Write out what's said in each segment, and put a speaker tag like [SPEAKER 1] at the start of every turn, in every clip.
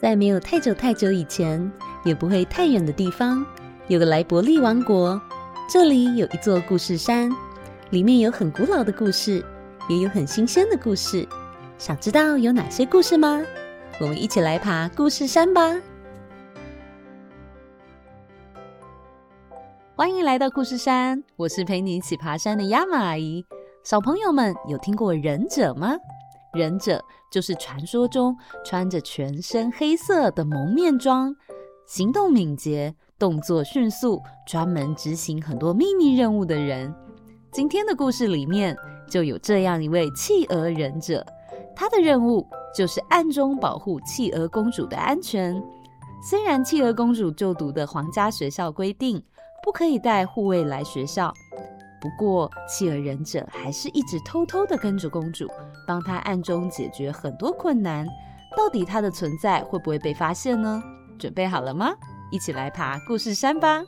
[SPEAKER 1] 在沒有太久太久以前，也不會太遠的地方，有個萊伯利王國。這裡有一座故事山，裡面有很古老的故事，也有很新鮮的故事。想知道有哪些故事嗎？我們一起來爬故事山吧！歡迎來到故事山，我是陪你一起爬山的亞瑪阿姨。小朋友們，有聽過忍者嗎？忍者就是傳說中穿着全身黑色的蒙面裝，行動敏捷，動作迅速，專門執行很多祕密任務的人。今天的故事裡面就有這樣一位企鵝忍者，他的任務就是暗中保護企鵝公主的安全。雖然企鵝公主就讀的皇家學校規定，不可以帶護衛來學校。不過，企鵝忍者還是一直偷偷的跟着公主，幫她暗中解決很多困難。到底她的存在會不會被發現呢？準備好了嗎？一起來爬故事山吧！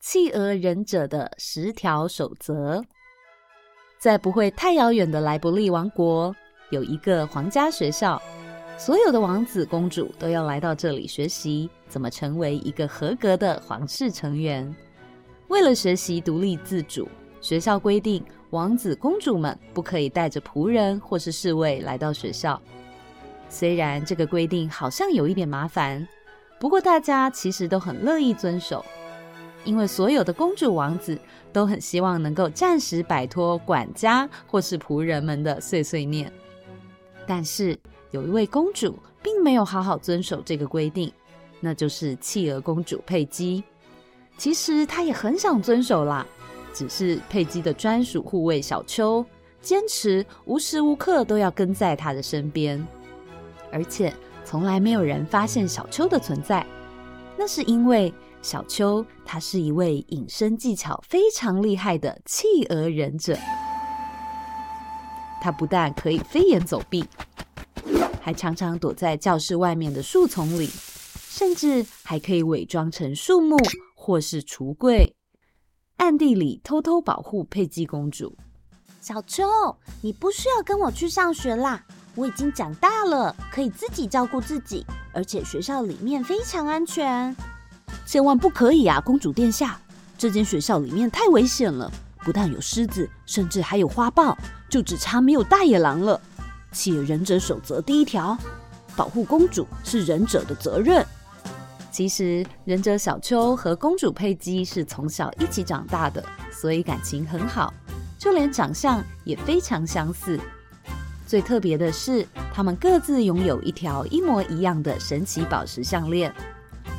[SPEAKER 1] 企鵝忍者的十條守則，在不會太遙遠的萊伯利王國有一個皇家學校，所有的王子公主都要來到這裡學習，怎麼成為一個合格的皇室成員。為了學習獨立自主，學校規定王子公主們不可以帶着僕人或是侍衛來到學校。雖然這個規定好像有一點麻煩，不過大家其實都很樂意遵守，因為所有的公主王子都很希望能夠暫時擺脫管家或是僕人們的碎碎念。但是有一位公主並沒有好好遵守這個規定，那就是企鵝公主佩姬。其實他也很想遵守啦，只是佩姬的專屬護衛小秋堅持無時無刻都要跟在他的身邊，而且從來沒有人發現小秋的存在。那是因為小秋他是一位隱身技巧非常厲害的企鵝忍者，他不但可以飛檐走壁，還常常躲在教室外面的樹叢裡，甚至還可以偽裝成樹木。或是櫥櫃，暗地裡偷偷保護佩姬公主。小秋，你不需要跟我去上學啦，我已經長大了，可以自己照顧自己。而且學校裡面非常安全，千萬不可以啊，公主殿下，這間學校裡面太危險了，不但有獅子，甚至還有花豹，就只差沒有大野狼了。企鵝忍者守則第一條，保護公主是忍者的責任。其實，忍者小秋和公主佩姬是從小一起長大的，所以感情很好，就連長相也非常相似。最特別的是，他們各自擁有一條一模一樣的神奇寶石項鏈，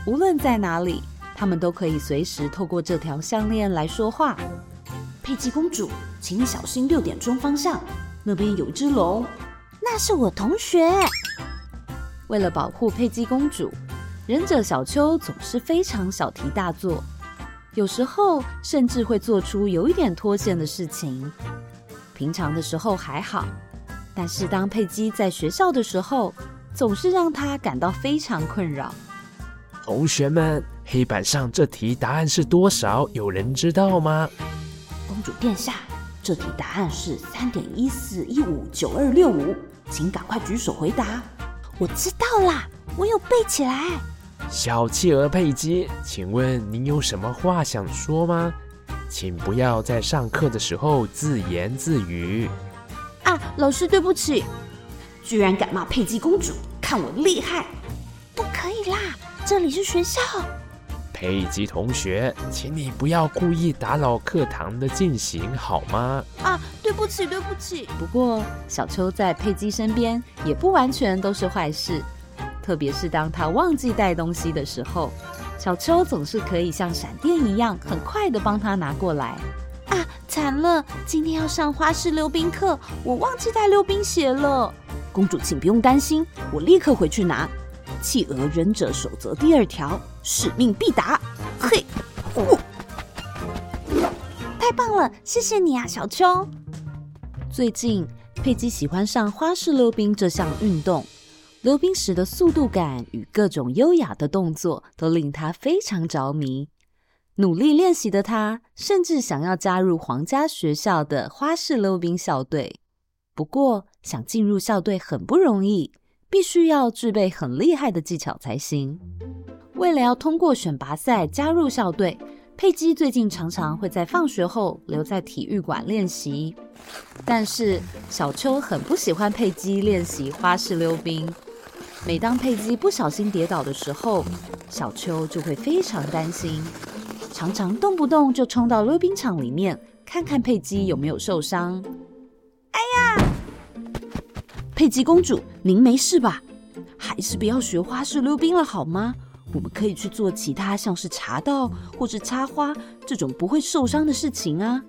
[SPEAKER 1] 無論在哪裡，他們都可以隨時透過這條項鏈來說話。佩姬公主，請你小心六點鐘方向，那邊有一隻龍。那是我同學。為了保護佩姬公主，忍者小丘總是非常小題大做，有時候甚至會做出有一點脫線的事情。平常的時候還好，但是當佩姬在學校的時候，總是讓她感到非常困擾。同學們，黑板上這題答案是多少？有人知道嗎？公主殿下，這題答案是三點一四一五九二六五，請趕快舉手回答。我知道啦，我有背起來。小企鵝佩姬，請問您有什麼話想說嗎？請不要在上課的時候自言自語。啊，老師，對不起！居然敢罵佩姬公主，看我厲害！不可以啦，這裡是學校。佩姬同學，請你不要故意打擾課堂的進行，好嗎？啊，對不起，對不起。不過，小秋在佩姬身邊也不完全都是壞事。特別是當他忘記帶東西的時候，小秋總是可以像閃電一樣，很快的幫他拿過來。啊，慘了！今天要上花式溜冰課，我忘記帶溜冰鞋了。公主，請不用擔心，我立刻回去拿。企鵝忍者守則第二條：使命必達。嘿，呼、哦！太棒了，謝謝你啊，小秋。最近，佩奇喜歡上花式溜冰這項運動。溜冰時的速度感與各種優雅的動作都令他非常着迷。努力練習的他，甚至想要加入皇家學校的花式溜冰校隊。不過，想進入校隊很不容易，必須要具備很厲害的技巧才行。為了要通過選拔賽加入校隊，佩姬最近常常會在放學後留在體育館練習。但是，小丘很不喜歡佩姬練習花式溜冰。每當佩姬不小心跌倒的時候，小秋就會非常擔心，常常動不動就衝到溜冰場裡面，看看佩姬有沒有受傷。哎呀，佩姬公主，您沒事吧？還是不要學花式溜冰了好嗎？我們可以去做其他像是茶道或是插花這種不會受傷的事情啊。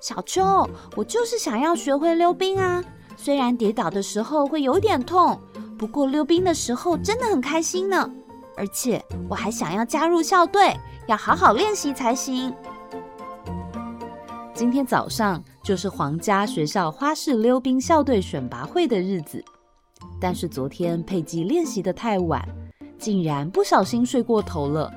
[SPEAKER 1] 小秋，我就是想要學會溜冰啊，雖然跌倒的時候會有點痛。不過溜冰的時候真的很開心呢，而且我還想要加入校隊，要好好練習才行。今天早上就是皇家學校花式溜冰校隊選拔會的日子，但是昨天佩姬練習得太晚，竟然不小心睡過頭了。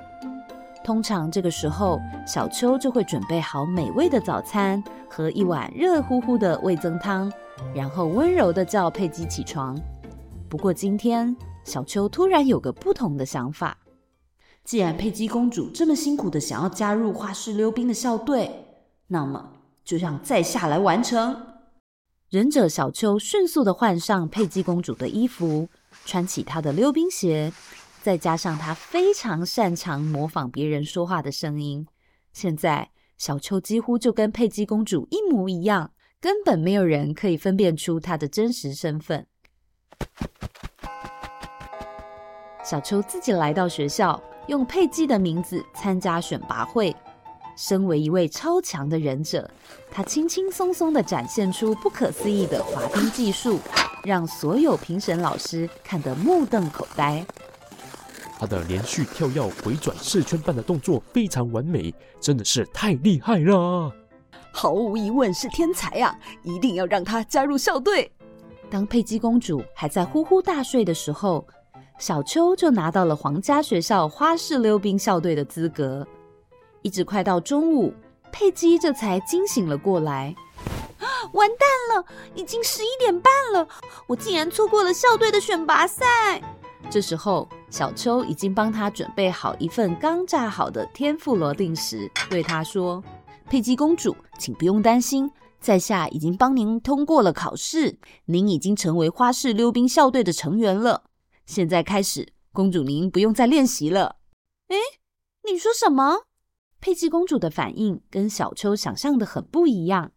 [SPEAKER 1] 通常這個時候，小秋就會準備好美味的早餐和一碗熱乎乎的味噌湯，然後溫柔地叫佩姬起床。不過，今天小秋突然有個不同的想法。既然佩姬公主這麼辛苦的想要加入花式溜冰的校隊，那麼就讓在下來完成。忍者小秋迅速的換上佩姬公主的衣服，穿起她的溜冰鞋，再加上她非常擅長模仿別人說話的聲音，現在小秋幾乎就跟佩姬公主一模一樣，根本沒有人可以分辨出她的真實身份。小秋自己來到學校，用佩姬的名字參加選拔會。身為一位超強的忍者，他輕輕鬆鬆的展現出不可思議的滑冰技術，讓所有評審老師看得目瞪口呆。他的連續跳躍、迴轉四圈半的動作非常完美，真的是太厲害了！毫無疑問是天才啊，一定要讓他加入校隊。當佩姬公主還在呼呼大睡的時候，小秋就拿到了皇家學校花式溜冰校隊的資格。一直快到中午，佩姬這才驚醒了過來。完蛋了，已經十一點半了，我竟然錯過了校隊的選拔賽。這時候，小秋已經幫他準備好一份剛炸好的天婦羅定食，對他說：“佩姬公主，請不用擔心。”在下已經幫您通過了考試，您已經成為花式溜冰校隊的成員了。現在開始，公主您不用再練習了。哎，你說什麼？佩吉公主的反應跟小秋想象的很不一樣。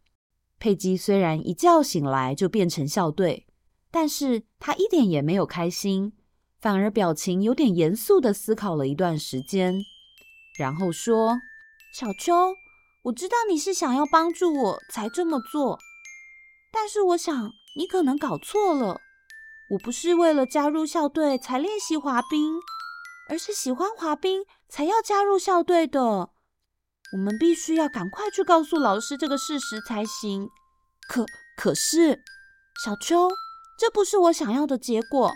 [SPEAKER 1] 佩吉雖然一覺醒來就變成校隊，但是她一點也沒有開心，反而表情有點嚴肅的思考了一段時間，然後說：“小秋。我知道你是想要幫助我才這麼做，但是我想你可能搞錯了。我不是為了加入校隊才練習滑冰，而是喜歡滑冰才要加入校隊的。我們必須要趕快去告訴老師這個事實才行。可可是，小秋，這不是我想要的結果。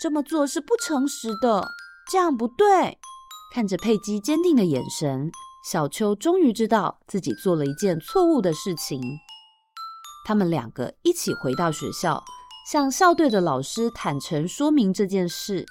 [SPEAKER 1] 這麼做是不誠實的，這樣不對。看着佩姬堅定的眼神。小丘終於知道自己做了一件錯誤的事情。他們兩個一起回到學校，向校隊的老師坦誠說明這件事。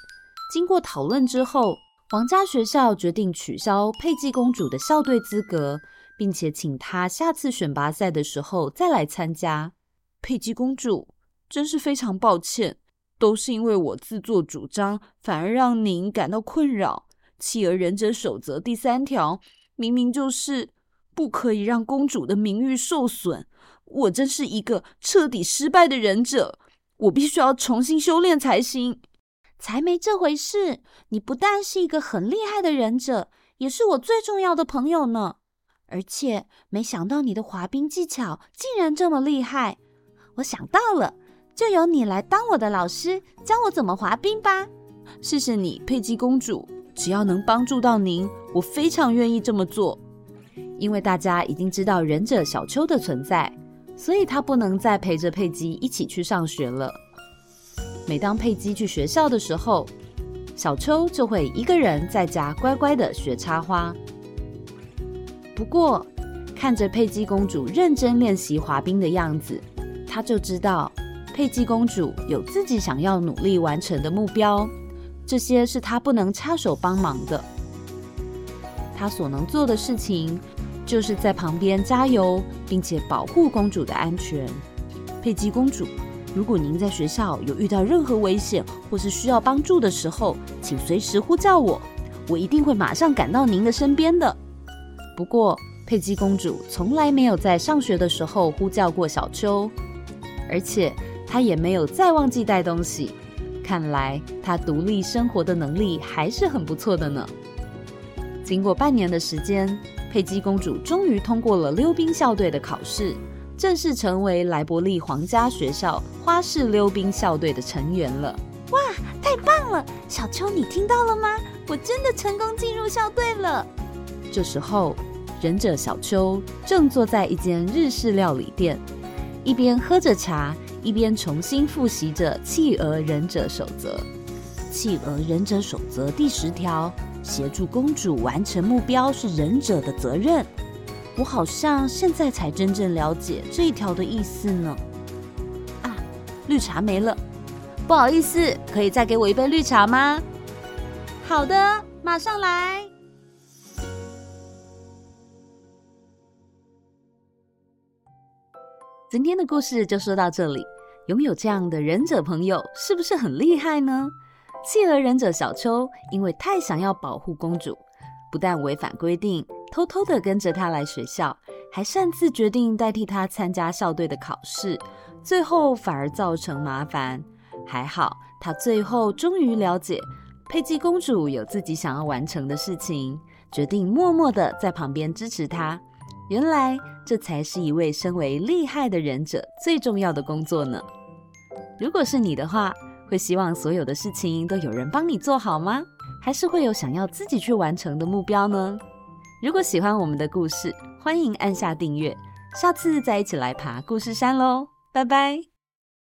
[SPEAKER 1] 經過討論之後，皇家學校決定取消佩吉公主的校隊資格，並且請她下次選拔賽的時候再來參加。佩吉公主，真是非常抱歉，都是因為我自作主張，反而讓您感到困擾。企鵝忍者守則第三條。明明就是不可以讓公主的名譽受損，我真是一個徹底失敗的忍者，我必須要重新修煉才行。才沒這回事！你不但是一個很厲害的忍者，也是我最重要的朋友呢。而且沒想到你的滑冰技巧竟然這麼厲害，我想到了，就由你來當我的老師，教我怎麼滑冰吧。謝謝你，佩姬公主，只要能幫助到您。我非常願意這麼做。因為大家已經知道忍者小秋的存在，所以他不能再陪着佩姬一起去上學了。每當佩姬去學校的時候，小秋就會一個人在家乖乖的學插花。不過，看着佩姬公主認真練習滑冰的樣子，他就知道佩姬公主有自己想要努力完成的目標，這些是他不能插手幫忙的。她所能做的事情，就是在旁邊加油，並且保護公主的安全。佩姬公主，如果您在學校有遇到任何危險或是需要幫助的時候，請隨時呼叫我，我一定會馬上趕到您的身邊的。不過，佩姬公主從來沒有在上學的時候呼叫過小秋，而且她也沒有再忘記帶東西。看來她獨立生活的能力還是很不錯的呢。經過半年的時間，佩姬公主終於通過了溜冰校隊的考試，正式成為萊伯利皇家學校花式溜冰校隊的成員了。哇，太棒了！小秋，你聽到了嗎？我真的成功進入校隊了。這時候，忍者小秋正坐在一間日式料理店，一邊喝着茶，一邊重新復習着《企鵝忍者守則》。企鵝忍者守則第十條。協助公主完成目標是忍者的責任。我好像現在才真正了解這一條的意思呢。啊，綠茶沒了，不好意思，可以再給我一杯綠茶嗎？好的，馬上來。今天的故事就說到這裡，有沒有這樣的忍者朋友是不是很厲害呢？企鵝忍者小秋，因為太想要保護公主，不但違反規定，偷偷的跟着她來學校，還擅自決定代替她參加校隊的考試，最後反而造成麻煩。還好，她最後終於了解，佩姬公主有自己想要完成的事情，決定默默的在旁邊支持她。原來，這才是一位身為厲害的忍者最重要的工作呢。如果是你的話。會希望所有的事情都有人幫你做好嗎？還是會有想要自己去完成的目標呢？如果喜歡我們的故事，歡迎按下訂閱，下次再一起來爬故事山嘍，拜拜。